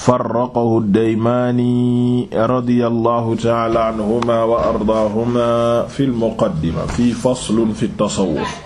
farraqahu daymaani radiyallahu taala anhuma wa ardaahuma fi lmuqaddima fi faslun fi tasawuf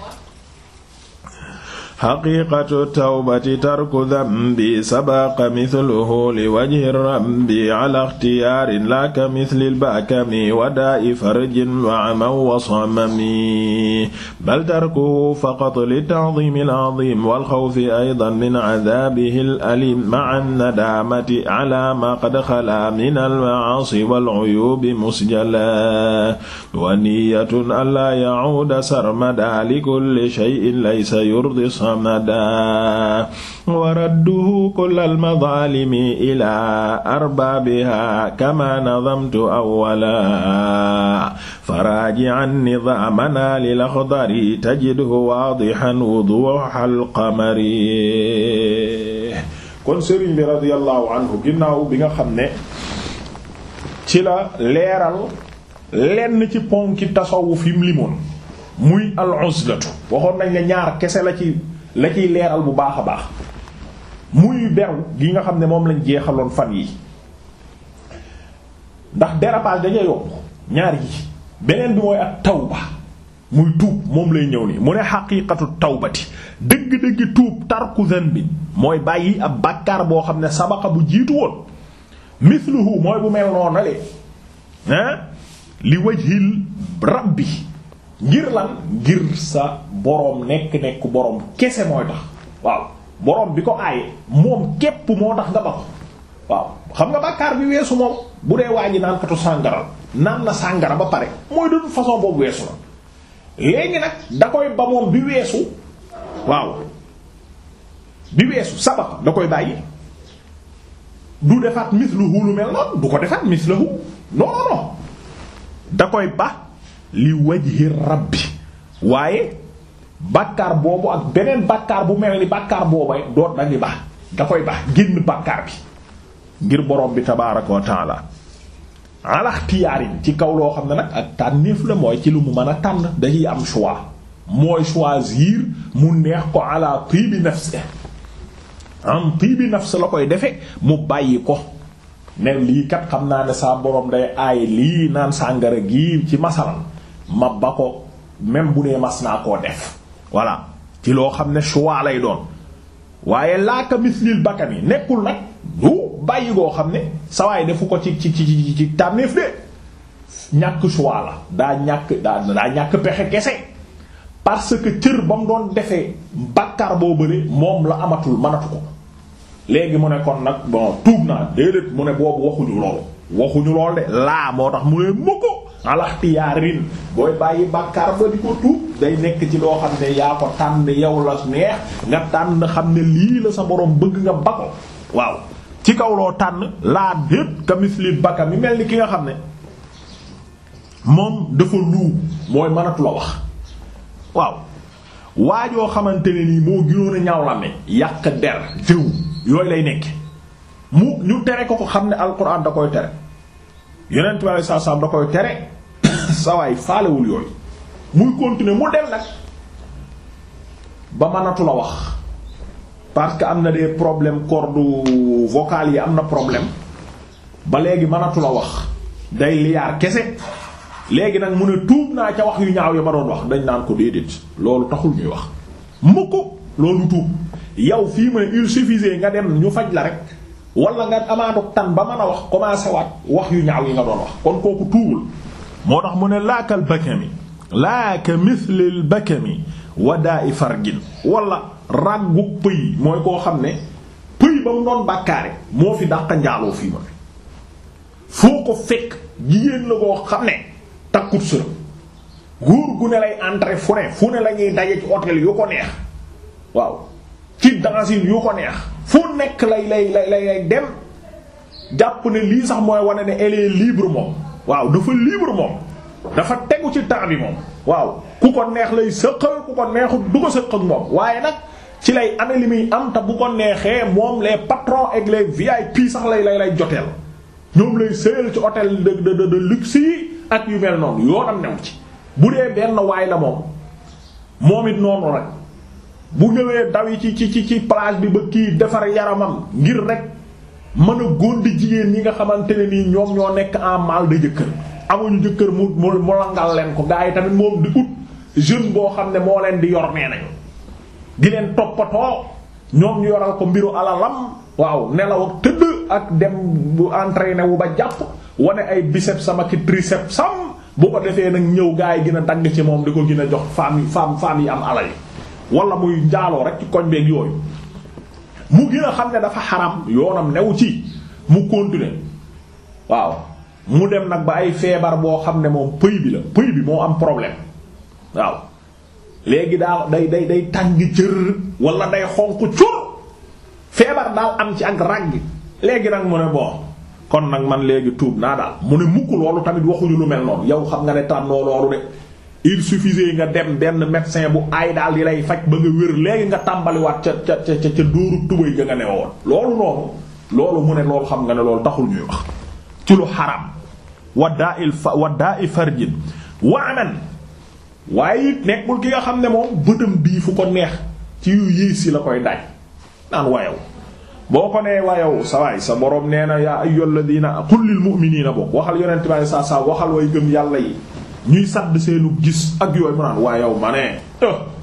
xaqiiqatu tawbati tarku dambi sabaqa mithluhu li wajhi rabbi ala ikhtiyaarin laa ka mithlil bakami wa daa'i farjin wa aman wa samami bal tarkuhu faqat li ta'ziimil aziim wal xawfi aydan min azaabihil aliim ma'an nadaamati ala maa qad xalaa minal ma'aasi wal uyuubi musjala wa niyyatun allaa ya'uuda sarmadan li kulli shay'in laysa yurdi samada wa radduhu kullal mazaalimi ilaa arbaabihaa kamaa nadamtu awwala faraaji'an nidaamanaa lil axdari tajidhu waadihan wuduuhal qamari kon sëriñ bi radiyallahu anhu ginnaaw bi nga xam ne ci la leeral lenn ci ponki tasawuf yim limoon muy al uzlatu waxoon nañ la ñaar kese la ci la ciy leeral bu baax a baax muy beru gi nga xam ne moom lañ jeexaloon fan yi ndax dérapage dañuy yokk ñaar yi beneen bi mooy ak tawba muy tuub moom lay ñëw ni mu ne xaqiiqatu tawbati dëgg-dëgg tuub tarku zanbi mooy bàyyi ab bàkkaar boo xam ne sabaqa bu jiitu woon mithluhu mooy bu mel noonu la li wajhil rabbi ngir lan ngir sa boroom nekk-nekk boroom kese mooy tax waaw boroom bi ko aaye moom képp moo tax nga ba ko waaw xam nga bàkkaar bi weesu moom bu dee waa ji naan katu sàngara naan na sàngara ba pare mooy de façon boobu weesu la léegi nag da koy ba moom bi weesu waaw bi weesu sabab da koy bàyyi du defaat misluhu lu mel noonu du ko defaat misluhu non non non da koy ba li wajhi rabbi waaye bàkkaar boobu ak beneen bàkkaar bu mel ni bàkkaar boobay doot dañuy baax da koy baax génn bàkkaar bi ngir boroom bi tabaaraka wa taala alaxtiyaarin ci kaw loo xam ne nag ak tànnéef la mooy ci lu mu mën a tànn dañuy am choix mooy choisir mu neex ko ala tibi nafsi am tibi nafsi la koy defe mu bàyyi ko ne lii kat xam naa ne saa borom day aay lii naan sàngara gi ci masalan ma ba ko même bu dee mas naa koo def voilà ci loo xam ne choix lay doon waaye laaka mislil bakami nekkul nag du bàyyi goo xam ne sawaay defu ko ci ci ci ci tànneef de ñàkk choix la daa ñàkk daa ñàkk bexe kese parce que cër ba mu doon defee bàkkaar boo bële moom la amatul mënatu ko léegi mu ne kon nag bon tuub naa déedéet mu ne boobu waxuñu lool waxuñu lool de laa moo tax mu ne mukk alaxtiyaarin booy bàyyi bàkkaar ba di ko tuub day nekk ci loo xam ne yaa ko tànn yow la neex nga tànn xam ne lii la sa boroom bëgg nga ba ko waaw ci kaw loo tànn laa déet kamisli baka mi mel ni ki nga xam ne moom dafa luu mooy mënatu wax waaw waajoo xamante ne nii moo gënoon a ñaaw la yàq der jëw yooyu lay nekk mu ñu tere ko ko xam ne alxuraan da koy tere yonent bi sallallahu da koy tere sawaay faalewul yooyu muy continuer mu dem nag ba mënatu wax parce que am na des problème cordes vocales yi am na problème ba léegi mënatu wax day liyaar kese léegi nag mu ne tuub naa ca wax yu ñaaw yi ma doon wax dañ naan ko déedéet loolu taxul ñuy wax mukk loolu tuub yow fii ma il suffisait nga dem ñu faj la rek wala nga amaatu tan ba mën a wax commencé waat wax yu ñaaw yi nga doon wax kon kooku tuubul moo tax mu ne laakal bakami laaka mithlil bakami wadaa i fargin wala ràggu pëy mooy koo xam ne pëy ba mu doon bàkkaare moo fi dàq njaaloo fii ma foo ko fekk jigéen la koo xam ne takkut sër góor gu ne lay entrer fu ne fu ne la ñuy daje ci hôtel yu ko neex waaw ci dancing yu ko neex fu nekk lay lay lay lay dem jàpp ne lii sax mooy wane ne elle libre moom waaw dafa libre moom dafa tegu ci temps moom waaw ku ko neex lay sëqal ku ko neexut du ko sëq ak moom waaye nag ci lay amee muy am te bu ko neexee moom les patrons ak sax lay lay lay joteel ñoom lay sëyal ci hôtel de de de luxe yi ak yu mel noonu yoonam new ci bu dee benn waay la moom moom it noonu rek bu ñëwee daw yi ci ci ci plage bi ba kii defar yaramam ngir rek mën a di jigéen ñi nga xamante ne nii ñoom ñoo nekk en mal de jëkkër amuñu jëkkër mu mu langal leen ko gaa yi tamit moom di ut jeune boo xam ne moo leen di yor nee nañu di leen toppatoo ñoom ñu yoral ko mbiru alalam waaw nelaw ak tëdd ak dem bu entraîné wu ba jàpp wane ay biceps sama ki triceps sam bu ko defee nag ñëw gaa yi gën a dagg ci moom di ko gën a jox femme yi femme femme yi am alal yi wala muy njaaloo rek ci koñ beeg yooyu mu gën a xam ne dafa xaram yoonam new ci mu continuer waaw mu dem nag ba ay feebar boo xam ne moom pëy bi la pëy bi moo am problème waaw léegi daal day day day tàng jër wala day xonq cur feebar daal am ci ak ràgg léegi nag mu ne bon kon nag man léegi tuub naa daal mu ne mukk loolu tamit waxuñu lu mel noonu yow xam nga ne tànnoo loolu de il suffisait nga dem benn médecin bu ay daal di lay faj ba nga wér léegi nga tàmbaliwaat ca ca ca ca dóoru tubay ga nga ne woon loolu noonu loolu mu ne loolu xam nga ne lool taxul ñuy wax ci lu xaram waddaa il fa waddaa i farjin waanan waaye it nekkul ki nga xam ne moom bëtam bii fu ko neex ci yu yiis yi la koy daaj naan wayaw boo ko nee wayaw sa waay sa borom nee na yaa ayyul ladina qul lil mu'minina bokk waxal yonent bi saa saa waxal way gëm yàlla yi ñuy sàdd seenu gis ak yooyu mu naan yow ma ne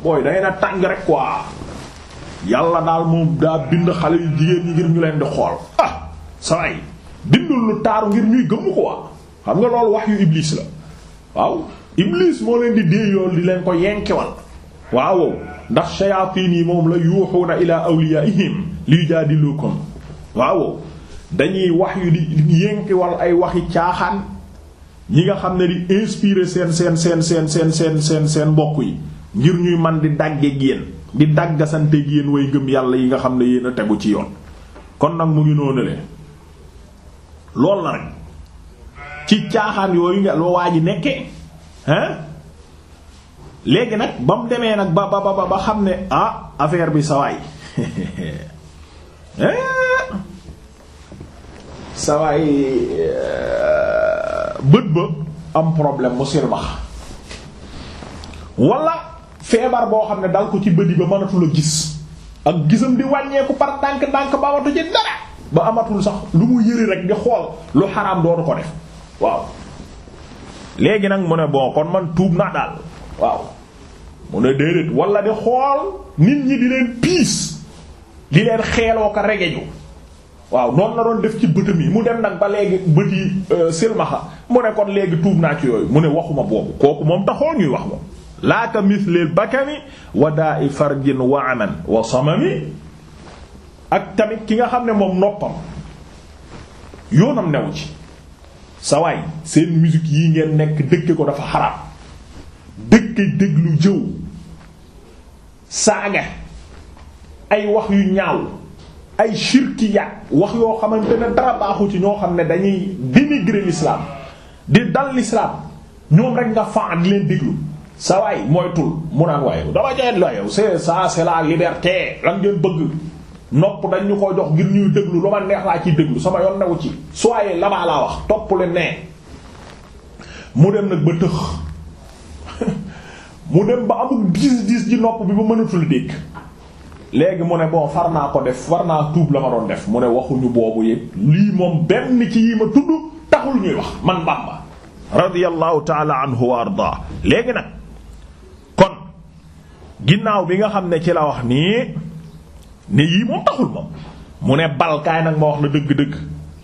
booy day na tàng rek quoi yàlla daal moom daa bind xale yu jigéen ñi ngir ñu leen di xool ah saway bindul lu taaru ngir ñuy gëmm quoi xam nga loolu wax yu iblis la waaw iblis moo leen di dee yoon di leen ko yenkewal waaw ndax shayatin yi moom la yuuxuuna ila awliyaihim li jaadilukum waaw dañuy wax yu di yenkewal ay waxi caaxaan ñi nga xam ne di inspirer seen seen seen seen seen seen seen seen mbokk yi ngir ñuy man di dagge yéen di daggasante yéen way ngëm yàlla yi nga xam ne yéen a tegu ci yoon kon nag mu ngi noonu lool la rek ci caaxaan yooyu nga waa ji nekke léegi nag ba mu demee nag ba ba ba ba xam ne ah affaire bi sawaay eh? sawaay eh, bët ba am problème mu silmax wala feebar boo xam ne dal ko ci bëdi ba mënatul a gis ak gisam di wàññeeku par tànk dànk ba watu ci dara ba amatul sax lu mu yëri rek di xool lu xaraam dootu ko def waaw léegi nag mu ne bon kon man tuub naa daal waaw mu ne déedéet wala di xool nit ñi di leen piis di leen xeeloo ko regeju waaw noonu la doon def ci bëtam yi mu dem nag ba léegi bët yi euh, silmaxa mu ne kon léegi tuub naa ci yooyu mu ne waxuma boobu kooku moom taxoo ñuy wax moom laaka mislil bakami wa daa i farjin wa wa samami ak tamit ki nga xam ne moom noppam yoonam new ci sa waay seen musique yi ngeen nekk dëkke ko dafa xaraam dëkke déglu jëw saaga ay wax yu ñaaw ay shirkiya wax yoo xamante ne dara baaxu ci ñoo xam ne dañuy dénigrer l'islam di dal l'islam ñoom rek nga fan di leen déglu sa waay mooy tul mu naan waaye dama joxe la yow c'est ça c'est la liberté lan ngeen bëgg nopp dañ ñu ko jox ngir ñuy déglu lu ma neex laa ciy déglu sama yoon newu ci soyez là-bas laa wax topp leen ne mu dem nag ba tëx mu dem ba amul diis diis ji nopp bi ba mënatul dégg léegi mu ne bon far naa ko def war naa tuub la ma doon def mu ne waxuñu boobu yëpp lii moom benn ci yi ma tudd taxul ñuy wax man Bamba radiyallahu taala anhu wa ardaa léegi nag kon ginnaaw bi nga xam ne ci la wax nii ne yii moom taxul moom mu ne balkaay nag ma wax la dëgg-dëgg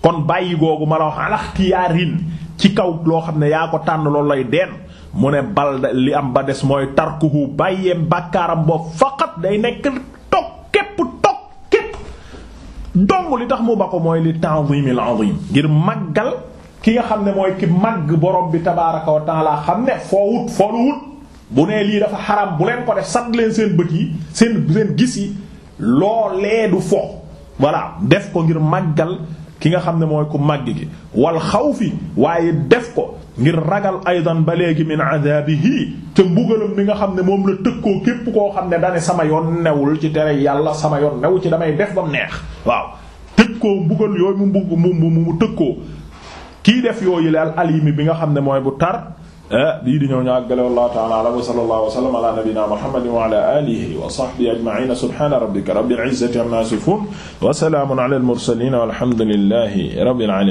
kon bàyyi googu ma la wax alaxtiyaarin ci kaw loo xam ne yaa ko tànn loolu lay deen mu ne bal li am ba des mooy tarkuhu bàyyeem bàkkaaram boobu faqat day nekk tog képp tog képp dong li tax mu ba ko mooy li ta'zimil azim ngir màggal ki nga xam ne mooy ki màgg borom bi tabaaraka wa taala xam ne foo wut foo bu nee lii dafa xaram bu leen ko def sat leen seen bët yi seen seen gis yi loolee du fo voilà def ko ngir màggal ki nga xam ne mooy ku màgg gi wal xawfi waaye def ko ngir ragal aydan ba léegi min adabihi te mbugalam mi nga xam ne moom la tëkkoo képp koo xam ne dane sama yoon newul ci tere yàlla sama yoon newu ci damay def bam neex waaw tëkkoo mbugal yooyu mu mbug mu mu mu kii def yooyu la al alimi bi nga xam ne mooy bu tar bii eh, di ñëw ñu àggale wallahu ta'ala a'lam wa sallallahu wa sallama ala nabiyyina muhammadin wa ala alihi wa sahbihi ajma'in subhana rabbika rabbil izzati amma yasifun wa salamun ala al mursalin walhamdulillahi rabbil alamin